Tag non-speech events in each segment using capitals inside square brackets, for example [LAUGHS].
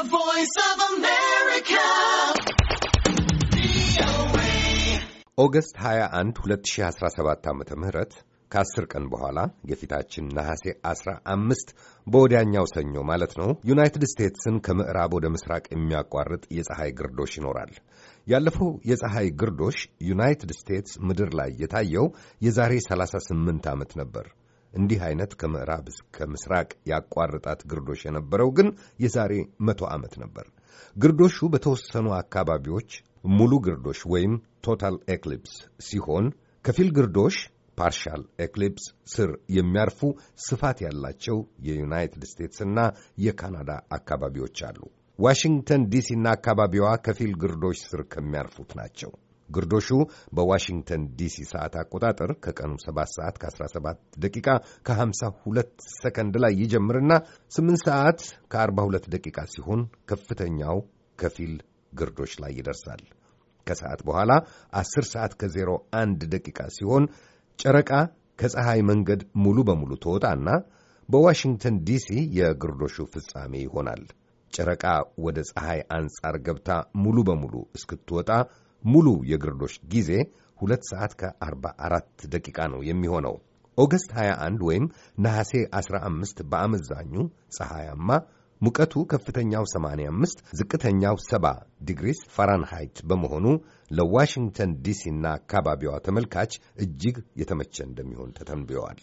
The Voice of America. ኦገስት 21 2017 ዓመተ ምህረት ከአስር ቀን በኋላ የፊታችን ነሐሴ 15 በወዲያኛው ሰኞ ማለት ነው። ዩናይትድ ስቴትስን ከምዕራብ ወደ ምስራቅ የሚያቋርጥ የፀሐይ ግርዶሽ ይኖራል። ያለፈው የፀሐይ ግርዶሽ ዩናይትድ ስቴትስ ምድር ላይ የታየው የዛሬ 38 ዓመት ነበር። እንዲህ አይነት ከምዕራብ እስከ ምስራቅ ያቋርጣት ግርዶሽ የነበረው ግን የዛሬ መቶ ዓመት ነበር። ግርዶሹ በተወሰኑ አካባቢዎች ሙሉ ግርዶሽ ወይም ቶታል ኤክሊፕስ ሲሆን ከፊል ግርዶሽ ፓርሻል ኤክሊፕስ ስር የሚያርፉ ስፋት ያላቸው የዩናይትድ ስቴትስና የካናዳ አካባቢዎች አሉ። ዋሽንግተን ዲሲና አካባቢዋ ከፊል ግርዶሽ ስር ከሚያርፉት ናቸው። ግርዶሹ በዋሽንግተን ዲሲ ሰዓት አቆጣጠር ከቀኑ 7 ሰዓት ከ17 ደቂቃ ከ52 ሰከንድ ላይ ይጀምርና 8 ሰዓት ከ42 ደቂቃ ሲሆን ከፍተኛው ከፊል ግርዶሽ ላይ ይደርሳል። ከሰዓት በኋላ 10 ሰዓት ከ01 ደቂቃ ሲሆን ጨረቃ ከፀሐይ መንገድ ሙሉ በሙሉ ትወጣና በዋሽንግተን ዲሲ የግርዶሹ ፍጻሜ ይሆናል። ጨረቃ ወደ ፀሐይ አንጻር ገብታ ሙሉ በሙሉ እስክትወጣ ሙሉ የግርዶሽ ጊዜ ሁለት ሰዓት ከ44 ደቂቃ ነው የሚሆነው። ኦገስት 21 ወይም ነሐሴ 15 በአመዛኙ ፀሐያማ፣ ሙቀቱ ከፍተኛው 85 ዝቅተኛው 70 ዲግሪስ ፋራንሃይት በመሆኑ ለዋሽንግተን ዲሲ አካባቢዋ ተመልካች እጅግ የተመቸ እንደሚሆን ተተንብዮአል።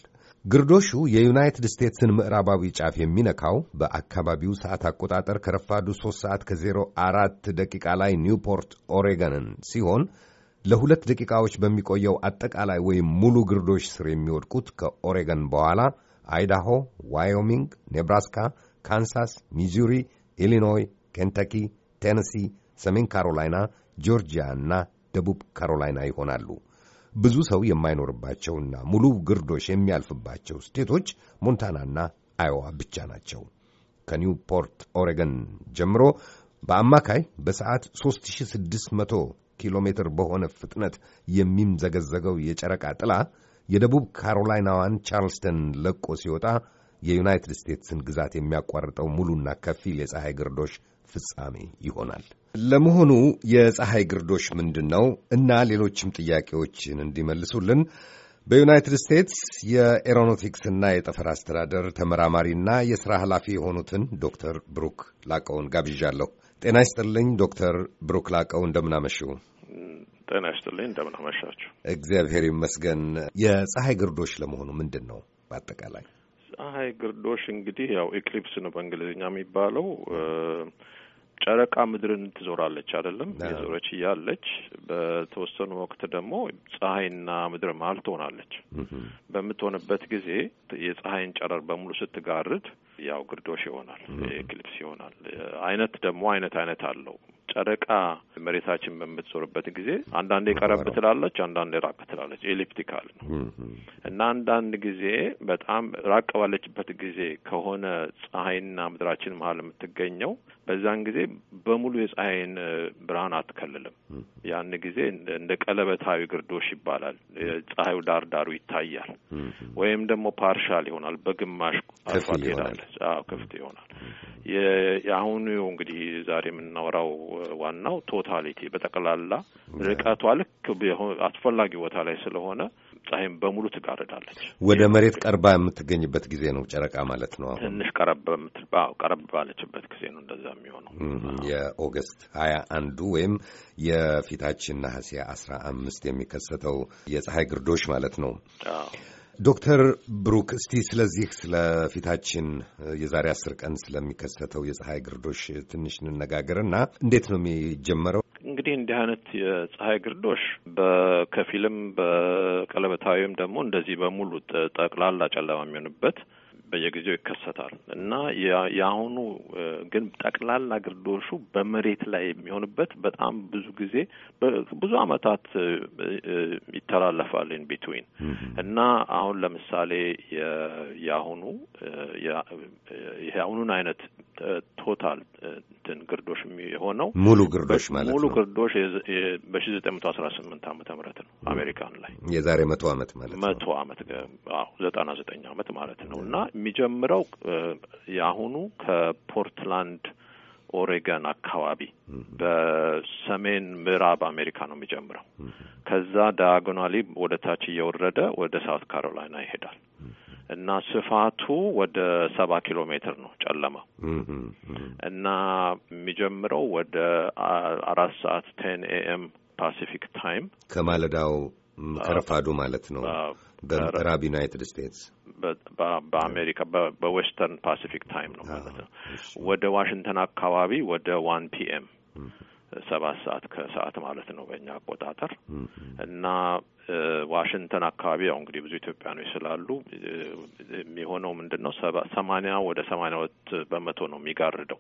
ግርዶሹ የዩናይትድ ስቴትስን ምዕራባዊ ጫፍ የሚነካው በአካባቢው ሰዓት አቆጣጠር ከረፋዱ 3 ሰዓት ከ04 ደቂቃ ላይ ኒውፖርት ኦሬገንን ሲሆን ለሁለት ደቂቃዎች በሚቆየው አጠቃላይ ወይም ሙሉ ግርዶሽ ስር የሚወድቁት ከኦሬገን በኋላ አይዳሆ፣ ዋዮሚንግ፣ ኔብራስካ፣ ካንሳስ፣ ሚዙሪ፣ ኢሊኖይ፣ ኬንታኪ፣ ቴነሲ፣ ሰሜን ካሮላይና፣ ጆርጂያ እና ደቡብ ካሮላይና ይሆናሉ። ብዙ ሰው የማይኖርባቸውና ሙሉ ግርዶሽ የሚያልፍባቸው ስቴቶች ሞንታናና አዮዋ ብቻ ናቸው። ከኒውፖርት ኦሬገን ጀምሮ በአማካይ በሰዓት 3600 ኪሎ ሜትር በሆነ ፍጥነት የሚምዘገዘገው የጨረቃ ጥላ የደቡብ ካሮላይናዋን ቻርልስተን ለቆ ሲወጣ የዩናይትድ ስቴትስን ግዛት የሚያቋርጠው ሙሉና ከፊል የፀሐይ ግርዶሽ ፍጻሜ ይሆናል። ለመሆኑ የፀሐይ ግርዶሽ ምንድን ነው እና ሌሎችም ጥያቄዎችን እንዲመልሱልን በዩናይትድ ስቴትስ የኤሮኖቲክስና የጠፈር አስተዳደር ተመራማሪና የሥራ ኃላፊ የሆኑትን ዶክተር ብሩክ ላቀውን ጋብዣለሁ። ጤና ይስጥልኝ ዶክተር ብሩክ ላቀው እንደምናመሽው። ጤና ይስጥልኝ እንደምናመሻችሁ። እግዚአብሔር ይመስገን። የፀሐይ ግርዶሽ ለመሆኑ ምንድን ነው በአጠቃላይ? ፀሐይ ግርዶሽ እንግዲህ ያው ኤክሊፕስ ነው በእንግሊዝኛ የሚባለው ጨረቃ ምድርን ትዞራለች አይደለም የዞረች እያለች በተወሰኑ ወቅት ደግሞ ፀሐይና ምድር መሀል ትሆናለች። በምትሆንበት ጊዜ የፀሐይን ጨረር በሙሉ ስትጋርድ ያው ግርዶሽ ይሆናል፣ ኤክሊፕስ ይሆናል። አይነት ደግሞ አይነት አይነት አለው። ጨረቃ መሬታችን በምትዞርበት ጊዜ አንዳንዴ ቀረብ ትላለች፣ አንዳንዴ ራቅ ትላለች። ኤሊፕቲካል ነው እና አንዳንድ ጊዜ በጣም ራቅ ባለችበት ጊዜ ከሆነ ፀሐይና ምድራችን መሀል የምትገኘው በዛን ጊዜ በሙሉ የፀሐይን ብርሃን አትከልልም። ያን ጊዜ እንደ ቀለበታዊ ግርዶሽ ይባላል። ፀሐዩ ዳር ዳሩ ይታያል። ወይም ደግሞ ፓርሻል ይሆናል፣ በግማሽ አልፋ ትሄዳለች። አዎ ክፍት ይሆናል። የአሁኑ እንግዲህ ዛሬ የምናወራው ዋናው ቶታሊቲ በጠቅላላ ርቀቷ ልክ አስፈላጊ ቦታ ላይ ስለሆነ ፀሐይም በሙሉ ትጋርዳለች። ወደ መሬት ቀርባ የምትገኝበት ጊዜ ነው ጨረቃ ማለት ነው። አሁን ትንሽ ቀረብ ባለችበት ጊዜ ነው እንደዛ የሚሆነው። የኦገስት ሀያ አንዱ ወይም የፊታችን ነሐሴ አስራ አምስት የሚከሰተው የፀሐይ ግርዶሽ ማለት ነው። ዶክተር ብሩክ እስቲ ስለዚህ ስለፊታችን የዛሬ አስር ቀን ስለሚከሰተው የፀሐይ ግርዶሽ ትንሽ እንነጋገር እና እንዴት ነው የሚጀመረው? እንግዲህ እንዲህ አይነት የፀሐይ ግርዶሽ በከፊልም በቀለበታዊም ደግሞ እንደዚህ በሙሉ ጠቅላላ ጨለማ የሚሆንበት በየጊዜው ይከሰታል እና የአሁኑ ግን ጠቅላላ ግርዶሹ በመሬት ላይ የሚሆንበት በጣም ብዙ ጊዜ ብዙ አመታት ይተላለፋል ኢን ቢትዊን እና አሁን ለምሳሌ የአሁኑ የአሁኑን አይነት ቶታል እንትን ግርዶሽ የሆነው ሙሉ ግርዶሽ ማለት ሙሉ ግርዶሽ በሺ ዘጠኝ መቶ አስራ ስምንት አመተ ምህረት ነው አሜሪካን ላይ የዛሬ መቶ አመት ማለት ነው መቶ አመት ዘጠና ዘጠኝ አመት ማለት ነው እና የሚጀምረው የአሁኑ ከፖርትላንድ ኦሬገን አካባቢ በሰሜን ምዕራብ አሜሪካ ነው የሚጀምረው። ከዛ ዳያጎናሊ ወደ ታች እየወረደ ወደ ሳውት ካሮላይና ይሄዳል እና ስፋቱ ወደ ሰባ ኪሎ ሜትር ነው ጨለማው እና የሚጀምረው ወደ አራት ሰዓት ቴን ኤኤም ፓሲፊክ ታይም ከማለዳው ከረፋዱ ማለት ነው በምዕራብ ዩናይትድ ስቴትስ በአሜሪካ በዌስተርን ፓሲፊክ ታይም ነው ማለት ነው። ወደ ዋሽንግተን አካባቢ ወደ ዋን ፒኤም ሰባት ሰዓት ከሰዓት ማለት ነው በእኛ አቆጣጠር እና ዋሽንግተን አካባቢ ያው እንግዲህ ብዙ ኢትዮጵያኖች ስላሉ የሚሆነው ምንድን ነው ሰማኒያ ወደ ሰማኒያ ሁለት በመቶ ነው የሚጋርደው።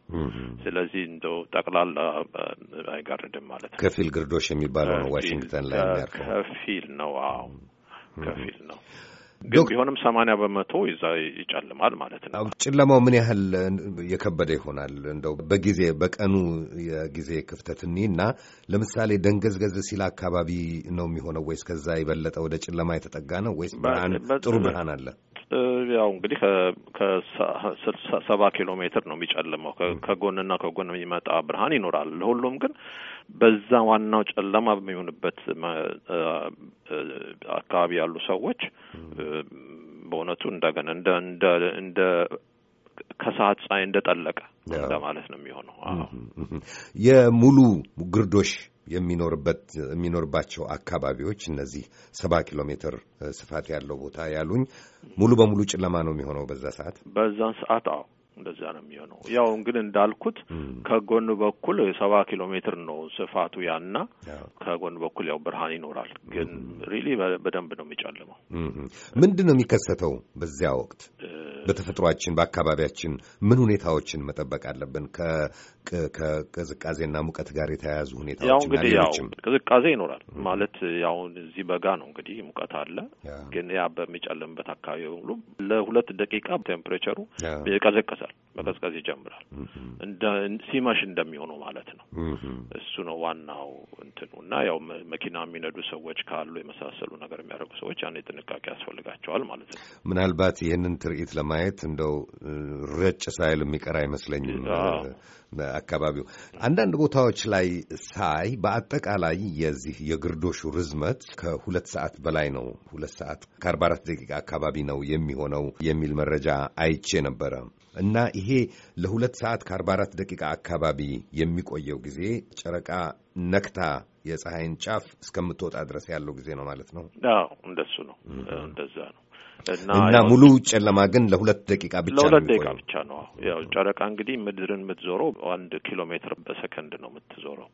ስለዚህ እንደው ጠቅላላ አይጋርድም ማለት ነው። ከፊል ግርዶሽ የሚባለው ነው ዋሽንግተን ላይ ከፊል ነው። አዎ ከፊል ነው። ግን ቢሆንም ሰማንያ በመቶ ይዛ ይጨልማል ማለት ነው። ጨለማው ምን ያህል የከበደ ይሆናል? እንደው በጊዜ በቀኑ የጊዜ ክፍተት እና ለምሳሌ ደንገዝገዝ ሲል አካባቢ ነው የሚሆነው ወይስ ከዛ የበለጠ ወደ ጨለማ የተጠጋ ነው ወይስ ብርሃን ጥሩ ብርሃን አለ? ያው እንግዲህ ከሰባ ኪሎ ሜትር ነው የሚጨልመው። ከጎንና ከጎን የሚመጣ ብርሃን ይኖራል። ለሁሉም ግን በዛ ዋናው ጨለማ በሚሆንበት አካባቢ ያሉ ሰዎች በእውነቱ እንደገና እንደ እንደ እንደ ከሰዓት ፀሐይ እንደጠለቀ እንደማለት ነው የሚሆነው። የሙሉ ግርዶሽ የሚኖርበት የሚኖርባቸው አካባቢዎች እነዚህ ሰባ ኪሎ ሜትር ስፋት ያለው ቦታ ያሉኝ ሙሉ በሙሉ ጨለማ ነው የሚሆነው በዛ ሰዓት በዛን ሰዓት አዎ እንደዛ ነው የሚሆነው። ያው ግን እንዳልኩት ከጎን በኩል ሰባ ኪሎ ሜትር ነው ስፋቱ ያና ከጎን በኩል ያው ብርሃን ይኖራል። ግን ሪሊ በደንብ ነው የሚጨልመው። ምንድን ነው የሚከሰተው በዚያ ወቅት? በተፈጥሯችን በአካባቢያችን ምን ሁኔታዎችን መጠበቅ አለብን? ከቅዝቃዜና ሙቀት ጋር የተያያዙ ሁኔታዎች እንግዲህ ያው ቅዝቃዜ ይኖራል ማለት ያው እዚህ በጋ ነው እንግዲህ ሙቀት አለ፣ ግን ያ በሚጨልምበት አካባቢ በሙሉ ለሁለት ደቂቃ ቴምፕሬቸሩ ይቀዘቅዛል፣ መቀዝቀዝ ይጀምራል። ሲመሽ እንደሚሆነው ማለት ነው። እሱ ነው ዋናው እንትኑ እና ያው መኪና የሚነዱ ሰዎች ካሉ የመሳሰሉ ነገር የሚያደርጉ ሰዎች ያን ጥንቃቄ ያስፈልጋቸዋል ማለት ነው። ምናልባት ይህንን ትርኢት ለማ ለማየት እንደው ረጭ ሳይል የሚቀር አይመስለኝም። አካባቢው አንዳንድ ቦታዎች ላይ ሳይ በአጠቃላይ የዚህ የግርዶሹ ርዝመት ከሁለት ሰዓት በላይ ነው፣ ሁለት ሰዓት ከአርባ አራት ደቂቃ አካባቢ ነው የሚሆነው የሚል መረጃ አይቼ ነበረ እና ይሄ ለሁለት ሰዓት ከአርባ አራት ደቂቃ አካባቢ የሚቆየው ጊዜ ጨረቃ ነክታ የፀሐይን ጫፍ እስከምትወጣ ድረስ ያለው ጊዜ ነው ማለት ነው። እንደሱ ነው፣ እንደዛ ነው። እና ሙሉ ጨለማ ግን ለሁለት ደቂቃ ብቻ ለሁለት ደቂቃ ብቻ ነው። ያው ጨረቃ እንግዲህ ምድርን የምትዞረው አንድ ኪሎ ሜትር በሰከንድ ነው የምትዞረው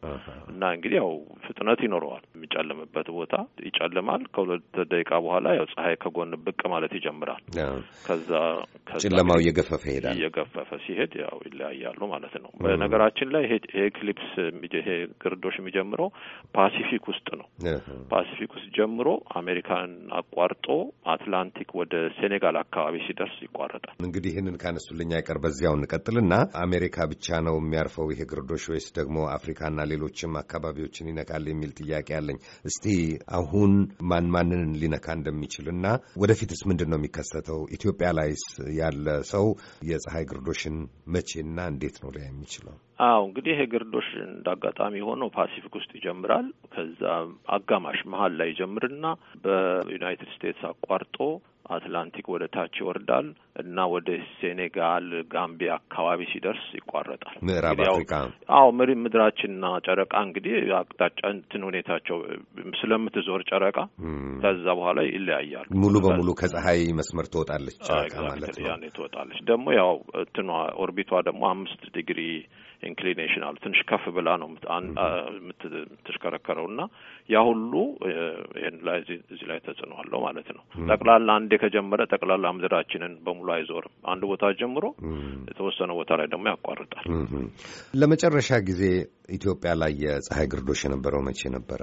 እና እንግዲህ ያው ፍጥነት ይኖረዋል። የሚጨልምበት ቦታ ይጨልማል። ከሁለት ደቂቃ በኋላ ያው ፀሐይ ከጎን ብቅ ማለት ይጀምራል። ከዛ ጨለማው እየገፈፈ ይሄዳል። እየገፈፈ ሲሄድ ያው ይለያያሉ ማለት ነው። በነገራችን ላይ ይሄ ኤክሊፕስ ይሄ ግርዶሽ የሚጀምረው ፓሲፊክ ውስጥ ነው። ፓሲፊክ ውስጥ ጀምሮ አሜሪካን አቋርጦ አትላንቲክ ወደ ሴኔጋል አካባቢ ሲደርስ ይቋረጣል። እንግዲህ ይህንን ካነሱልኝ አይቀር በዚያው እንቀጥልና አሜሪካ ብቻ ነው የሚያርፈው ይሄ ግርዶሽ ወይስ ደግሞ አፍሪካና ሌሎችም አካባቢዎችን ይነካል የሚል ጥያቄ አለኝ። እስቲ አሁን ማን ማንን ሊነካ እንደሚችልና ወደፊትስ ምንድን ነው የሚከሰተው? ኢትዮጵያ ላይስ ያለ ሰው የፀሐይ ግርዶሽን መቼና እንዴት ነው ሊያ የሚችለው? አዎ እንግዲህ ይሄ ግርዶሽ እንደ ሆኖ ፓሲፊክ ውስጥ ይጀምራል። ከዛ አጋማሽ መሀል ላይ ይጀምርና በዩናይትድ ስቴትስ አቋርጦ አትላንቲክ ወደ ታች ይወርዳል እና ወደ ሴኔጋል፣ ጋምቢያ አካባቢ ሲደርስ ይቋረጣል። ምዕራብ አፍሪካ አዎ ምሪ ምድራችንና ጨረቃ እንግዲህ አቅጣጫ እንትን ሁኔታቸው ስለምትዞር ጨረቃ ከዛ በኋላ ይለያያሉ። ሙሉ በሙሉ ከፀሐይ መስመር ትወጣለች ጨረቃ ማለት ነው። ያኔ ትወጣለች ደግሞ ያው እንትኗ ኦርቢቷ ደግሞ አምስት ዲግሪ ኢንክሊኔሽን አሉ ትንሽ ከፍ ብላ ነው የምትሽከረከረው እና ያ ሁሉ ይህን ላይ እዚህ ላይ ተጽዕኖ አለው ማለት ነው። ጠቅላላ አንዴ ከጀመረ ጠቅላላ ምድራችንን በሙሉ አይዞርም። አንድ ቦታ ጀምሮ የተወሰነ ቦታ ላይ ደግሞ ያቋርጣል። ለመጨረሻ ጊዜ ኢትዮጵያ ላይ የፀሐይ ግርዶሽ የነበረው መቼ ነበረ?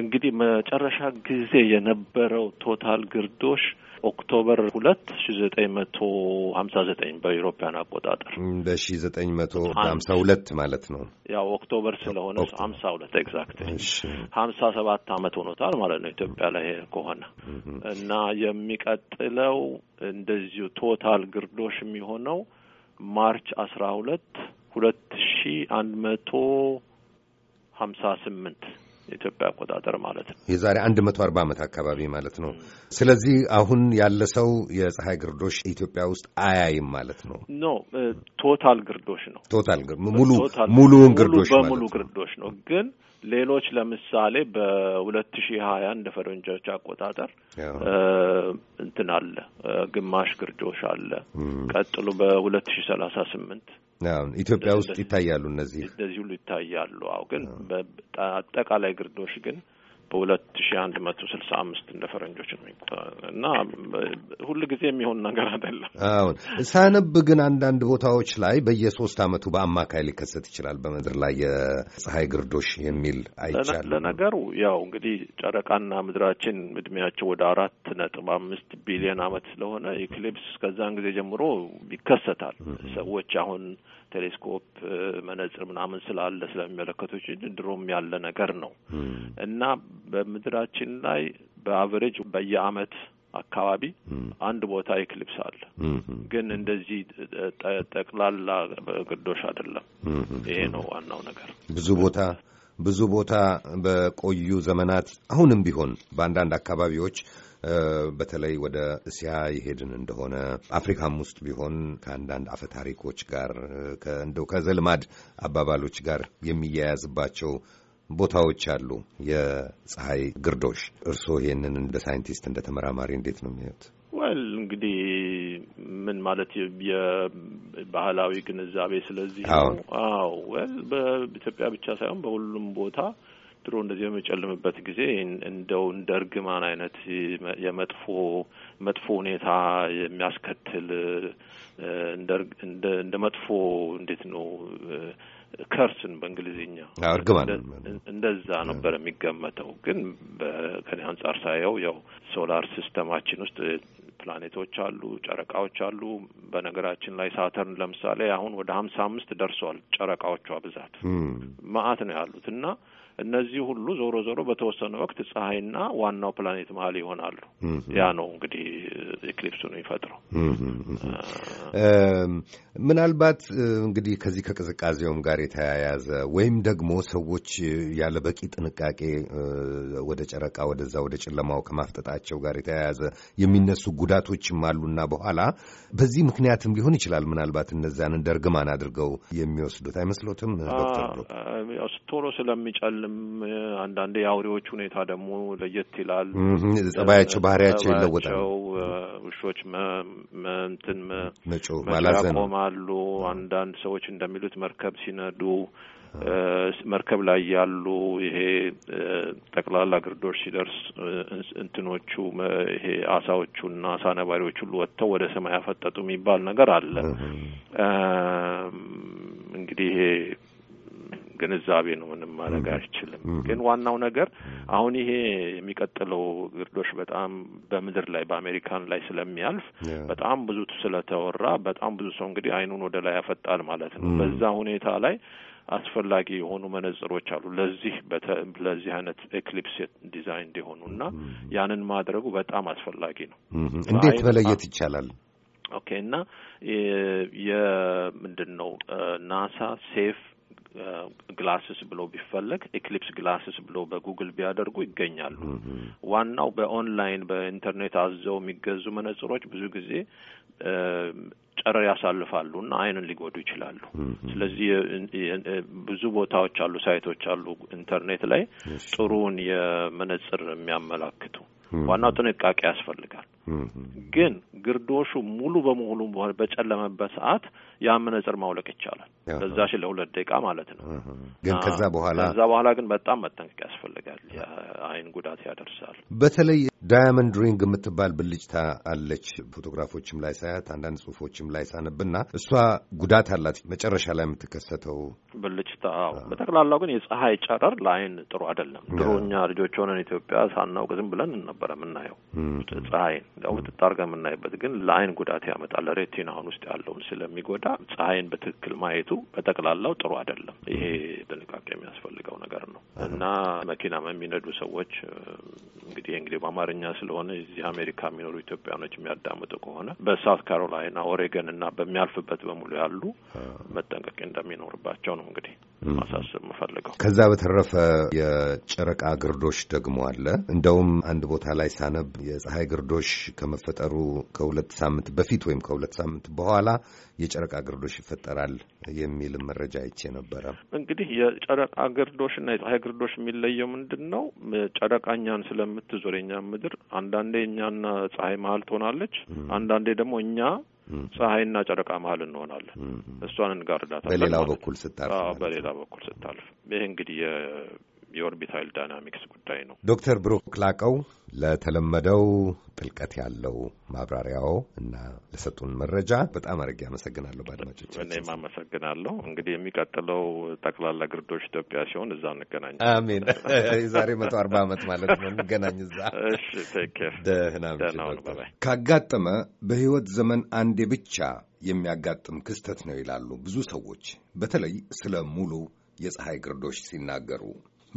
እንግዲህ መጨረሻ ጊዜ የነበረው ቶታል ግርዶሽ ኦክቶበር ሁለት ሺ ዘጠኝ መቶ ሀምሳ ዘጠኝ በኢሮፓያን አቆጣጠር በሺ ዘጠኝ መቶ ሀምሳ ሁለት ማለት ነው። ያው ኦክቶበር ስለሆነ ሀምሳ ሁለት ኤግዛክት ሀምሳ ሰባት አመት ሆኖታል ማለት ነው ኢትዮጵያ ላይ ከሆነ እና የሚቀጥለው እንደዚሁ ቶታል ግርዶሽ የሚሆነው ማርች አስራ ሁለት ሁለት ሺ አንድ መቶ ሀምሳ ስምንት የኢትዮጵያ አቆጣጠር ማለት ነው። የዛሬ አንድ መቶ አርባ ዓመት አካባቢ ማለት ነው። ስለዚህ አሁን ያለ ሰው የፀሐይ ግርዶሽ ኢትዮጵያ ውስጥ አያይም ማለት ነው። ኖ ቶታል ግርዶሽ ነው። ቶታል ሙሉ ሙሉውን ግርዶሽ በሙሉ ግርዶሽ ነው ግን ሌሎች ለምሳሌ በሁለት ሺህ ሀያ እንደ ፈረንጆች አቆጣጠር እንትን አለ ግማሽ ግርዶሽ አለ። ቀጥሎ በሁለት ሺህ ሰላሳ ስምንት ኢትዮጵያ ውስጥ ይታያሉ እነዚህ እንደዚህ ሁሉ ይታያሉ። አዎ ግን አጠቃላይ ግርዶሽ ግን በሁለት ሺ አንድ መቶ ስልሳ አምስት እንደ ፈረንጆች ነው እና ሁል ጊዜ የሚሆን ነገር አይደለም። አሁን ሳነብ ግን አንዳንድ ቦታዎች ላይ በየሶስት አመቱ በአማካይ ሊከሰት ይችላል በምድር ላይ የፀሐይ ግርዶሽ የሚል አይቻለ። ለነገሩ ያው እንግዲህ ጨረቃና ምድራችን እድሜያቸው ወደ አራት ነጥብ አምስት ቢሊዮን አመት ስለሆነ ኢክሊፕስ ከዛን ጊዜ ጀምሮ ይከሰታል። ሰዎች አሁን ቴሌስኮፕ፣ መነጽር ምናምን ስላለ ስለሚመለከቶች ድሮም ያለ ነገር ነው እና በምድራችን ላይ በአቨሬጅ በየአመት አካባቢ አንድ ቦታ ኤክሊፕስ አለ። ግን እንደዚህ ጠቅላላ ግዶሽ አይደለም። ይሄ ነው ዋናው ነገር። ብዙ ቦታ ብዙ ቦታ በቆዩ ዘመናት አሁንም ቢሆን በአንዳንድ አካባቢዎች በተለይ ወደ እስያ የሄድን እንደሆነ አፍሪካም ውስጥ ቢሆን ከአንዳንድ አፈ ታሪኮች ጋር እንደው ከዘልማድ አባባሎች ጋር የሚያያዝባቸው ቦታዎች አሉ። የፀሐይ ግርዶሽ እርስዎ ይሄንን እንደ ሳይንቲስት እንደ ተመራማሪ እንዴት ነው የሚያዩት? ወል እንግዲህ ምን ማለት የባህላዊ ግንዛቤ ስለዚህ ነው። አዎ ወል በኢትዮጵያ ብቻ ሳይሆን በሁሉም ቦታ ድሮ እንደዚህ በሚጨልምበት ጊዜ እንደው እንደ እርግማን አይነት የመጥፎ መጥፎ ሁኔታ የሚያስከትል እንደ መጥፎ እንዴት ነው ከርስን በእንግሊዝኛ እንደዛ ነበር የሚገመተው። ግን ከኔ አንጻር ሳየው ያው ሶላር ሲስተማችን ውስጥ ፕላኔቶች አሉ፣ ጨረቃዎች አሉ። በነገራችን ላይ ሳተርን ለምሳሌ አሁን ወደ ሀምሳ አምስት ደርሷል ጨረቃዎቿ ብዛት ማአት ነው ያሉት እና እነዚህ ሁሉ ዞሮ ዞሮ በተወሰነ ወቅት ፀሐይና ዋናው ፕላኔት መሀል ይሆናሉ። ያ ነው እንግዲህ ኤክሊፕሱን የሚፈጥረው። ምናልባት እንግዲህ ከዚህ ከቅዝቃዜውም ጋር የተያያዘ ወይም ደግሞ ሰዎች ያለ በቂ ጥንቃቄ ወደ ጨረቃ ወደዛ ወደ ጨለማው ከማፍጠጣቸው ጋር የተያያዘ የሚነሱ ጉዳቶችም አሉና በኋላ በዚህ ምክንያትም ሊሆን ይችላል ምናልባት እነዚያን እንደ እርግማን አድርገው የሚወስዱት አይመስሎትም ዶክተር ቶሎ ስለሚጨል ይለያልም። አንዳንዴ የአውሬዎች ሁኔታ ደግሞ ለየት ይላል። ጸባያቸው፣ ባህሪያቸው ይለወጣል። ውሾች እንትን መጮህ ያቆማሉ። አንዳንድ ሰዎች እንደሚሉት መርከብ ሲነዱ መርከብ ላይ ያሉ ይሄ ጠቅላላ ግርዶች ሲደርስ እንትኖቹ ይሄ አሳዎቹ አሳዎቹና አሳ ነባሪዎች ሁሉ ወጥተው ወደ ሰማይ ያፈጠጡ የሚባል ነገር አለ። እንግዲህ ይሄ ግንዛቤ ነው። ምንም ማድረግ አይችልም። ግን ዋናው ነገር አሁን ይሄ የሚቀጥለው ግርዶሽ በጣም በምድር ላይ በአሜሪካን ላይ ስለሚያልፍ በጣም ብዙ ስለተወራ በጣም ብዙ ሰው እንግዲህ አይኑን ወደ ላይ ያፈጣል ማለት ነው። በዛ ሁኔታ ላይ አስፈላጊ የሆኑ መነጽሮች አሉ ለዚህ ለዚህ አይነት ኤክሊፕስ ዲዛይን እንዲሆኑ እና ያንን ማድረጉ በጣም አስፈላጊ ነው። እንዴት መለየት ይቻላል? ኦኬ እና የምንድን ነው ናሳ ሴፍ ግላስስ ብሎ ቢፈለግ ኤክሊፕስ ግላስስ ብሎ በጉግል ቢያደርጉ ይገኛሉ። ዋናው በኦንላይን በኢንተርኔት አዘው የሚገዙ መነጽሮች ብዙ ጊዜ ጨረር ያሳልፋሉ እና አይንን ሊጎዱ ይችላሉ። ስለዚህ ብዙ ቦታዎች አሉ፣ ሳይቶች አሉ ኢንተርኔት ላይ ጥሩውን የመነጽር የሚያመላክቱ ዋናው ጥንቃቄ ያስፈልጋል። ግን ግርዶሹ ሙሉ በሙሉ በጨለመበት ሰዓት ያ መነጽር ማውለቅ ይቻላል። ለዛሽ ለሁለት ደቂቃ ማለት ነው። ግን ከዛ በኋላ ከዛ በኋላ ግን በጣም መጠንቀቅ ያስፈልጋል። የአይን ጉዳት ያደርሳል። በተለይ ዳያመንድ ሪንግ የምትባል ብልጭታ አለች። ፎቶግራፎችም ላይ ሳያት አንዳንድ ጽሁፎችም ላይ ሳነብና እሷ ጉዳት አላት መጨረሻ ላይ የምትከሰተው ብልጭታ። በጠቅላላ ግን የፀሐይ ጨረር ለአይን ጥሩ አይደለም። ድሮ እኛ ልጆች ሆነን ኢትዮጵያ ሳናውቅ ዝም ብለን ነበረ የምናየው ፀሐይን ውጥጥ የምናይበት፣ ግን ለአይን ጉዳት ያመጣል። ሬቲናውን ውስጥ ያለውን ስለሚጎዳ ፀሐይን በትክክል ማየቱ በጠቅላላው ጥሩ አይደለም። ይሄ ጥንቃቄ የሚያስፈልገው ነገር ነው እና መኪና የሚነዱ ሰዎች እንግዲህ እንግዲህ በአማርኛ አማርኛ ስለሆነ እዚህ አሜሪካ የሚኖሩ ኢትዮጵያኖች የሚያዳምጡ ከሆነ በሳውት ካሮላይና ኦሬገን እና በሚያልፍበት በሙሉ ያሉ መጠንቀቅ እንደሚኖርባቸው ነው እንግዲህ ማሳሰብ የምፈልገው። ከዛ በተረፈ የጨረቃ ግርዶሽ ደግሞ አለ። እንደውም አንድ ቦታ ላይ ሳነብ የፀሐይ ግርዶሽ ከመፈጠሩ ከሁለት ሳምንት በፊት ወይም ከሁለት ሳምንት በኋላ የጨረቃ ግርዶሽ ይፈጠራል የሚል መረጃ አይቼ ነበረ። እንግዲህ የጨረቃ ግርዶሽ እና የፀሐይ ግርዶሽ የሚለየው ምንድን ነው? ጨረቃ እኛን ስለምትዞር ኛ ምድር አንዳንዴ እኛና ፀሐይ መሀል ትሆናለች፣ አንዳንዴ ደግሞ እኛ ፀሐይና ጨረቃ መሀል እንሆናለን። እሷን እንጋርዳታለን። በሌላው በኩል ስታልፍ በሌላ በኩል ስታልፍ ይህ እንግዲህ የኦርቢታይል ዳይናሚክስ ጉዳይ ነው። ዶክተር ብሩክ ላቀው ለተለመደው ጥልቀት ያለው ማብራሪያው እና ለሰጡን መረጃ በጣም አድርጌ አመሰግናለሁ። በአድማጮች እኔም አመሰግናለሁ። እንግዲህ የሚቀጥለው ጠቅላላ ግርዶች ኢትዮጵያ ሲሆን እዛ እንገናኝ። አሜን። [LAUGHS] የዛሬ መቶ አርባ ዓመት ማለት ነው። እንገናኝ እዛ። እሺ፣ ቴክ ኬር። ደህና ካጋጠመ በህይወት ዘመን አንዴ ብቻ የሚያጋጥም ክስተት ነው ይላሉ ብዙ ሰዎች፣ በተለይ ስለ ሙሉ የፀሐይ ግርዶች ሲናገሩ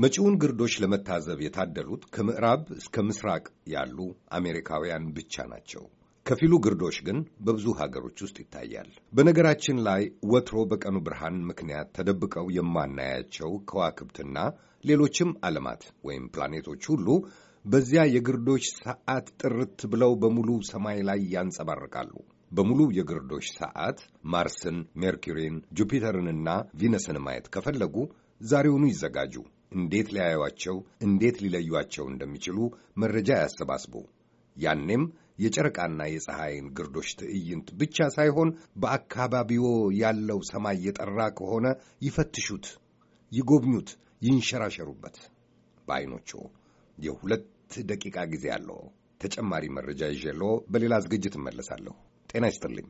መጪውን ግርዶች ለመታዘብ የታደሉት ከምዕራብ እስከ ምስራቅ ያሉ አሜሪካውያን ብቻ ናቸው። ከፊሉ ግርዶች ግን በብዙ ሀገሮች ውስጥ ይታያል። በነገራችን ላይ ወትሮ በቀኑ ብርሃን ምክንያት ተደብቀው የማናያቸው ከዋክብትና ሌሎችም ዓለማት ወይም ፕላኔቶች ሁሉ በዚያ የግርዶች ሰዓት ጥርት ብለው በሙሉ ሰማይ ላይ ያንጸባርቃሉ። በሙሉ የግርዶች ሰዓት ማርስን፣ ሜርኩሪን፣ ጁፒተርንና ቪነስን ማየት ከፈለጉ ዛሬውኑ ይዘጋጁ። እንዴት ሊያዩቸው፣ እንዴት ሊለዩቸው እንደሚችሉ መረጃ ያሰባስቡ። ያኔም የጨረቃና የፀሐይን ግርዶሽ ትዕይንት ብቻ ሳይሆን በአካባቢዎ ያለው ሰማይ የጠራ ከሆነ ይፈትሹት፣ ይጎብኙት፣ ይንሸራሸሩበት። በአይኖቹ የሁለት ደቂቃ ጊዜ አለው። ተጨማሪ መረጃ ይዤሎ በሌላ ዝግጅት እመለሳለሁ። ጤና ይስጥልኝ።